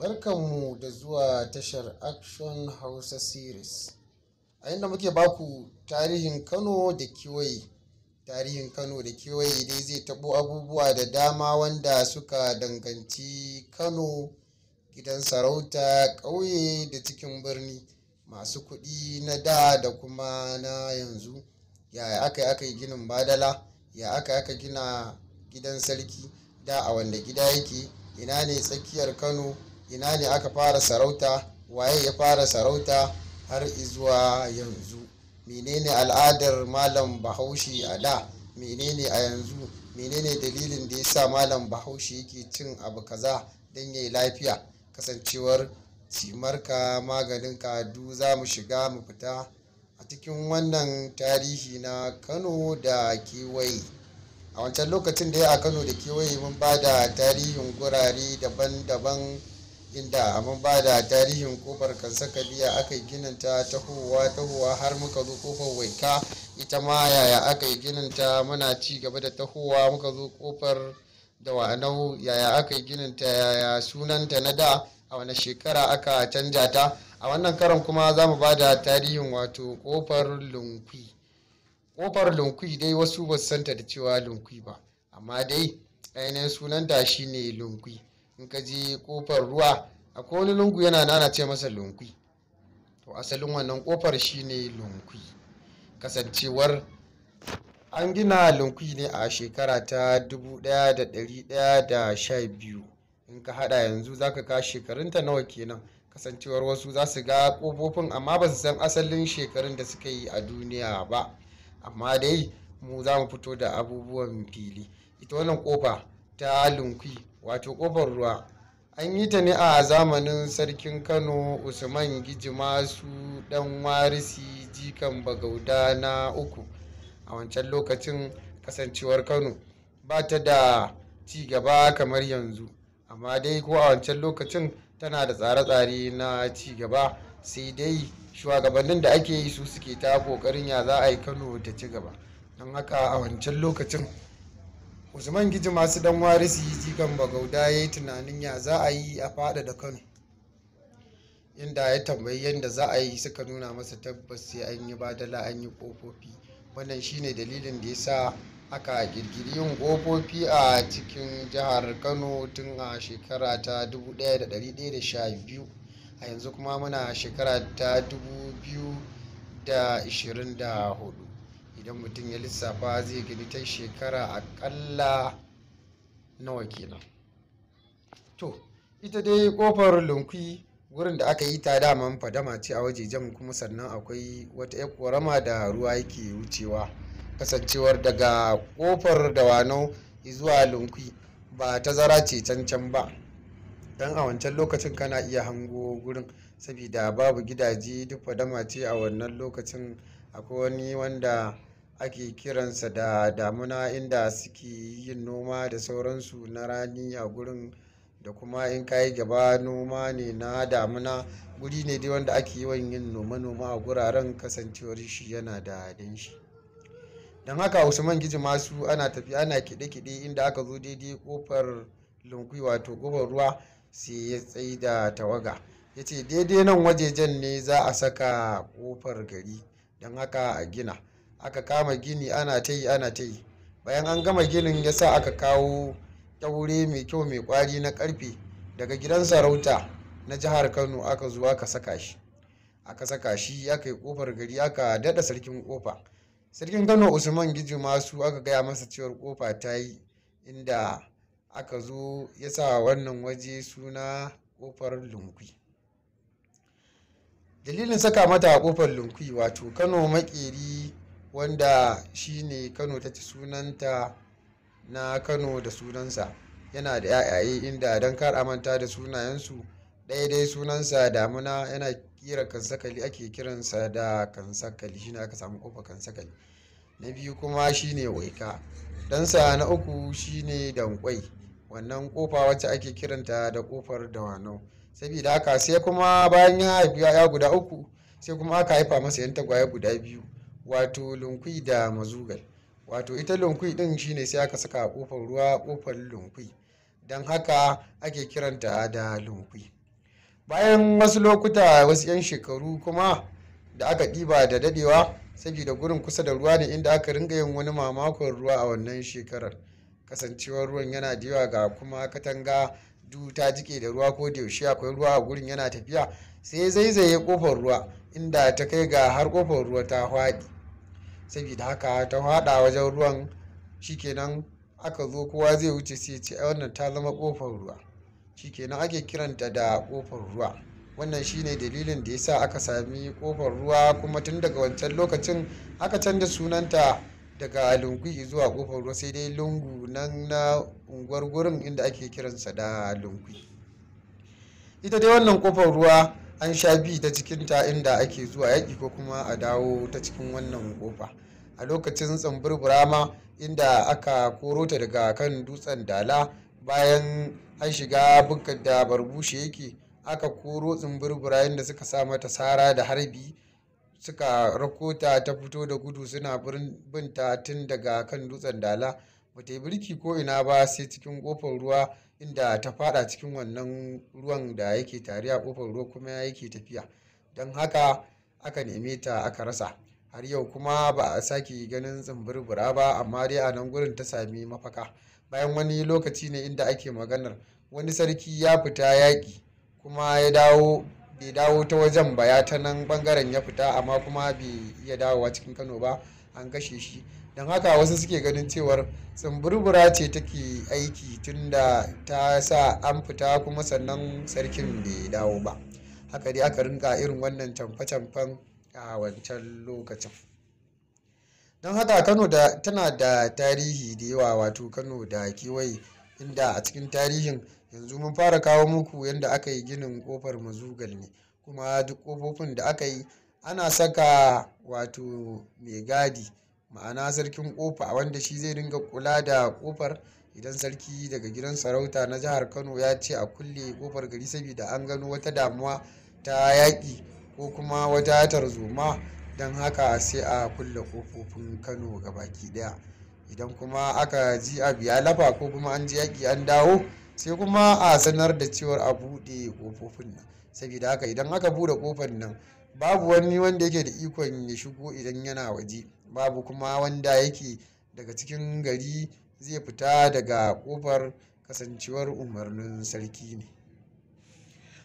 Barkanmu da zuwa tashar Action Hausa Series. A inda muke baku tarihin Kano da kewaye. Tarihin Kano da kewaye dai zai tabo abubuwa da dama wanda suka danganci Kano, gidan sarauta, ƙauye da cikin birni, masu kudi na da da kuma na yanzu. ya aka yi aka yi ginin badala, ya aka aka gina gidan sarki, da a wanda gida yake, ina ne tsakiyar Kano. ina ne aka fara sarauta waye ya fara sarauta har izuwa yanzu menene al'adar malam bahaushe a da menene a yanzu menene dalilin da ya sa malam bahaushe yake cin abu kaza don yayi lafiya kasancewar cimarka maganinka du za mu shiga mu fita a cikin wannan tarihi na kano da kewaye a wancan lokacin da ya a kano da kewaye mun ba da tarihin gurare daban-daban inda abin ba da tarihin kofar kansakaliya aka yi gininta ta tahowa har muka zo kofar waika ita ma yaya aka yi gininta muna ci gaba da tahowa muka zo kofar da wa'anau yaya aka yi gininta yaya sunanta na da a wani shekara aka canja ta a wannan karan kuma za mu ba da tarihin wato kofar lunkwi kofar lunkwi dai wasu ba su santa da cewa lunkwi ba amma dai ainihin sunanta shine lunkwi in ka je kofar ruwa a wani lungu yana nana ce masa lunkwi to asalin wannan kofar shine lunkwi kasancewar an gina lunkwi ne a shekara ta 1112 in ka hada yanzu zaka ka shekarunta nawa kenan kasancewar wasu za su ga kofofin amma ba su san asalin shekarun da suka yi a duniya ba amma dai mu za mu fito da abubuwan fili ita wannan kofa ta lunkwi wato kofar ruwa an yi ta ne a zamanin sarkin kano usman gijimasu dan warisi jikan bagauda na uku a wancan lokacin kasancewar kano ba ta da cigaba kamar yanzu amma dai ko a wancan lokacin tana da tsare-tsare na ci gaba sai dai shugabannin da ake yi su suke ta kokarin ya za a yi kano ta ci gaba don haka a wancan lokacin usman giji masu dan wari yi jikan bagauda ya yi tunanin ya za a yi a fada da kano inda ya tambayi yadda za a yi suka nuna masa tabbas sai an yi badala an yi kofofi wannan shine dalilin da ya sa aka girgiri yin kofofi a cikin jihar kano tun a shekara ta 1112 a yanzu kuma muna shekara ta 2024 idan mutum ya lissafa zai gani ta shekara aƙalla nawa kenan to ita dai ƙofar lunkwi wurin da aka yi ta daman fadama ce a wajejen kuma sannan akwai wata ya korama da ruwa yake wucewa kasancewar daga kofar wano zuwa lunkwi ba tazara ce cancan ba don a wancan lokacin kana iya hango gurin sabida babu gidaje duk fadama ce a wannan lokacin akwai wani wanda ake kiransa da damuna inda suke yin noma da sauransu na rani a gurin da kuma in kayi gaba noma ne na damuna guri ne dai wanda ake yawan yin noma-noma a guraren kasancewar shi yana da danshi don haka usman gizi masu ana tafi ana kiɗe-kiɗe inda aka zo daidai kofar lunkwi wato kofar ruwa sai ya tsayi da tawaga ya ce daidai nan wajejen ne za a saka kofar gari don haka a gina aka kama gini ana ta yi ana ta yi bayan an gama ginin ya sa aka kawo wuri mai kyau mai kwari na karfe daga gidan sarauta na jihar kano aka zo aka saka shi aka saka shi aka yi kofar gari aka daɗa sarkin kofa sarkin kano usman giji masu aka gaya masa cewar kofa ta yi inda aka zo ya sa wannan waje suna kofar lunkwi dalilin saka mata a kofar lunkwi wato kano makeri wanda shi ne kano ta ci sunanta na kano da sunansa yana da yayaye inda don kar a manta da sunayensu daidai sunansa damuna yana kira kansakali ake kiransa da kansakali shi aka samu kofa kansakali na biyu kuma shi ne waika ɗansa na uku shi ne dankwai wannan kofa wacce ake kiranta da kofar dawanau sabida haka sai kuma bayan ya haifi ya guda uku sai kuma aka haifa masa yan tagwaye guda biyu wato lunkwi da mazugal wato ita lunkwi din shine sai aka saka kofar ruwa kofar lunkwi don haka ake kiranta da lunkwi bayan wasu lokuta wasu 'yan shekaru kuma da aka ɗiba da dadewa saboda gurin kusa da ruwa ne inda aka ringa yin wani mamakon ruwa a wannan shekarar kasancewar ruwan yana da yawa ga kuma katanga du ta jike da ruwa ko da yaushe akwai ruwa a gurin yana tafiya sai zaizaye kofar ruwa inda ta kai ga har kofar ruwa ta hwaɗi saboda haka ta hwaɗa wajen ruwan shikenan aka zo kowa zai wuce sai ce wannan ta zama kofar ruwa shikenan ake kiranta da kofar ruwa wannan shine dalilin da yasa aka sami kofar ruwa kuma tun daga wancan lokacin aka canza sunanta daga lungu zuwa kofar ruwa sai dai lungu nan na unguwar gurin inda ake kiransa da lungu ita dai wannan kofar ruwa an sha bi ta cikin ta inda ake zuwa yaki ko kuma a dawo ta cikin wannan kofa a lokacin tsambur burama inda aka koro ta daga kan dutsen dala bayan an shiga bukkar da barbushe yake aka koro tsambur burayen da suka sa mata sara da harbi suka rakota ta fito da gudu suna binta tun daga kan dutsen dala ba ta yi birki ko ina ba sai cikin kofar ruwa inda ta fada cikin wannan ruwan da yake tare a kofar ruwa kuma yake tafiya don haka aka neme ta aka rasa har yau kuma ba a sake ganin tsimbirbura ba amma dai a nan gurin ta sami mafaka bayan wani lokaci ne inda ake maganar wani sarki ya fita yaƙi kuma ya dawo bai dawo ta wajen ba ya ta nan bangaren ya fita amma kuma bai iya dawowa cikin kano ba an kashe shi don haka wasu suke ganin cewar tsumburbura ce take aiki tunda ta sa an fita kuma sannan sarkin bai dawo ba haka dai aka rinka irin wannan canfa-canfan a wancan lokacin don haka kano da tana da tarihi da yawa wato kano da kewaye inda a cikin tarihin yanzu mun fara kawo muku yadda aka yi ginin kofar mazugal ne kuma duk kofofin da aka yi ana saka wato mai gadi ma'ana sarkin kofa wanda shi zai dinga kula da kofar idan sarki daga gidan sarauta na jihar kano ya ce a kulle kofar gari saboda an gano wata damuwa ta yaƙi ko kuma wata tarzoma don haka sai a kulle kofofin kano ga baki daya idan kuma aka ji abu ya lafa ko kuma an ji yaƙi an dawo sai kuma a sanar da cewar a buɗe ƙofofin nan saboda haka idan aka buɗe ƙofar nan babu wani wanda yake da ikon ya shigo idan yana waje babu kuma wanda yake daga cikin gari zai fita daga ƙofar kasancewar umarnin sarki ne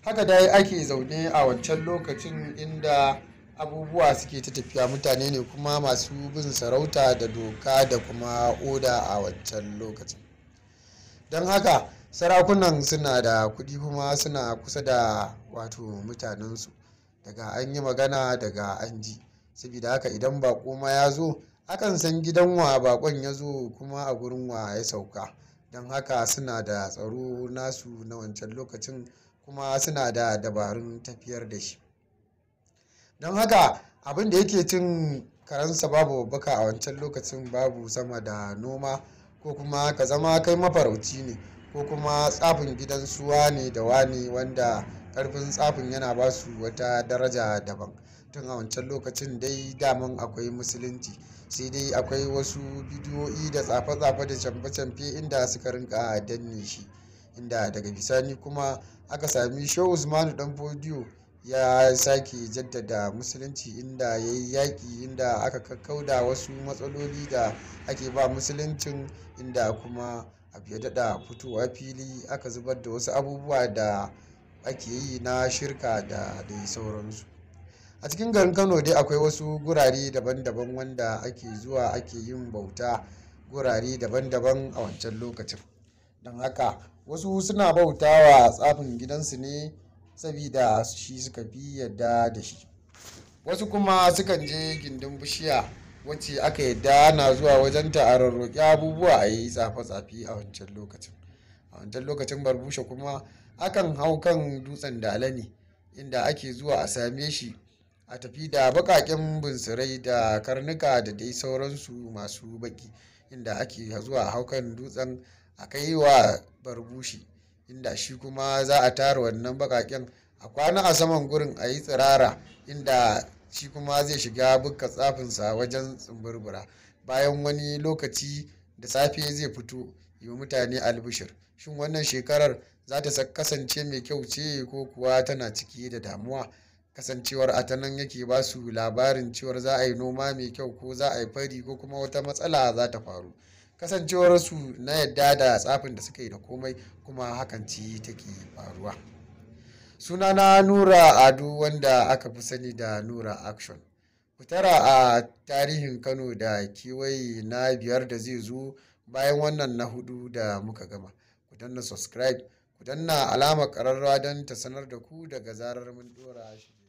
haka dai ake zaune a wancan lokacin inda abubuwa suke ta tafiya mutane ne kuma masu bin sarauta da doka da kuma oda a wancan lokacin don haka sarakunan suna da kudi kuma suna kusa da wato mutanensu daga an yi magana daga an ji saboda haka idan baƙo ma ya zo akan san gidan wa bakon ya zo kuma a gurin wa ya sauka don haka suna da tsaro nasu na wancan lokacin kuma suna da dabarun tafiyar da shi don haka abin da yake cin karansa babu babbaka a wancan lokacin babu sama da noma ko kuma ka zama kai mafarauci ne ko kuma tsafin gidan su wane da wani wanda karfin tsafin yana ba su wata daraja daban tun a wancan lokacin dai daman akwai musulunci sai dai akwai wasu bidiyoyi da tsafe-tsafe da canfe-canfe inda suka rinka danne shi inda daga bisani kuma aka sami show usmanu dan fodiyo ya sake jaddada musulunci inda ya yi yaƙi inda aka kakkauda wasu matsaloli da ake ba musuluncin inda kuma fiye da da fitowa fili aka zubar da wasu abubuwa da ake yi na shirka da dai sauransu a cikin garin kano dai akwai wasu gurare daban-daban wanda ake zuwa ake yin bauta gurare daban-daban a wancan lokacin don haka wasu suna bauta wa tsafin gidansu ne sabida shi suka fi yadda da shi wasu kuma sukan je gindin bishiya wacce aka yadda ana zuwa wajen ta a abubuwa a yi tsafe tsafi a wancan lokacin a wancan lokacin barbushe kuma akan hau kan dutsen dala ne inda ake zuwa a same shi a tafi da baƙaƙen bunsurai da karnuka da dai sauransu masu baƙi inda ake zuwa a hau kan dutsen a kai wa barbushi inda shi kuma za a tara wannan baƙaƙen a kwana a saman gurin a yi tsirara inda shi kuma zai shiga bukka tsafinsa wajen tsumburbura bayan wani lokaci da safe zai fito yi wa mutane albishir shin wannan shekarar za ta kasance mai kyau ce ko kuwa tana ciki da damuwa kasancewar atanan yake ba su labarin cewar za a yi noma mai kyau ko za a yi fari ko kuma wata matsala za ta faru kasancewar su na yadda da tsafin da suka yi da komai kuma hakan ci take faruwa sunana nura ado wanda aka fi sani da nura action fitara a tarihin kano da kewaye na biyar da zai zo bayan wannan na hudu da muka gama ku danna subscribe ku danna alamar kararrawa don ta sanar da ku daga zarar mun dora shi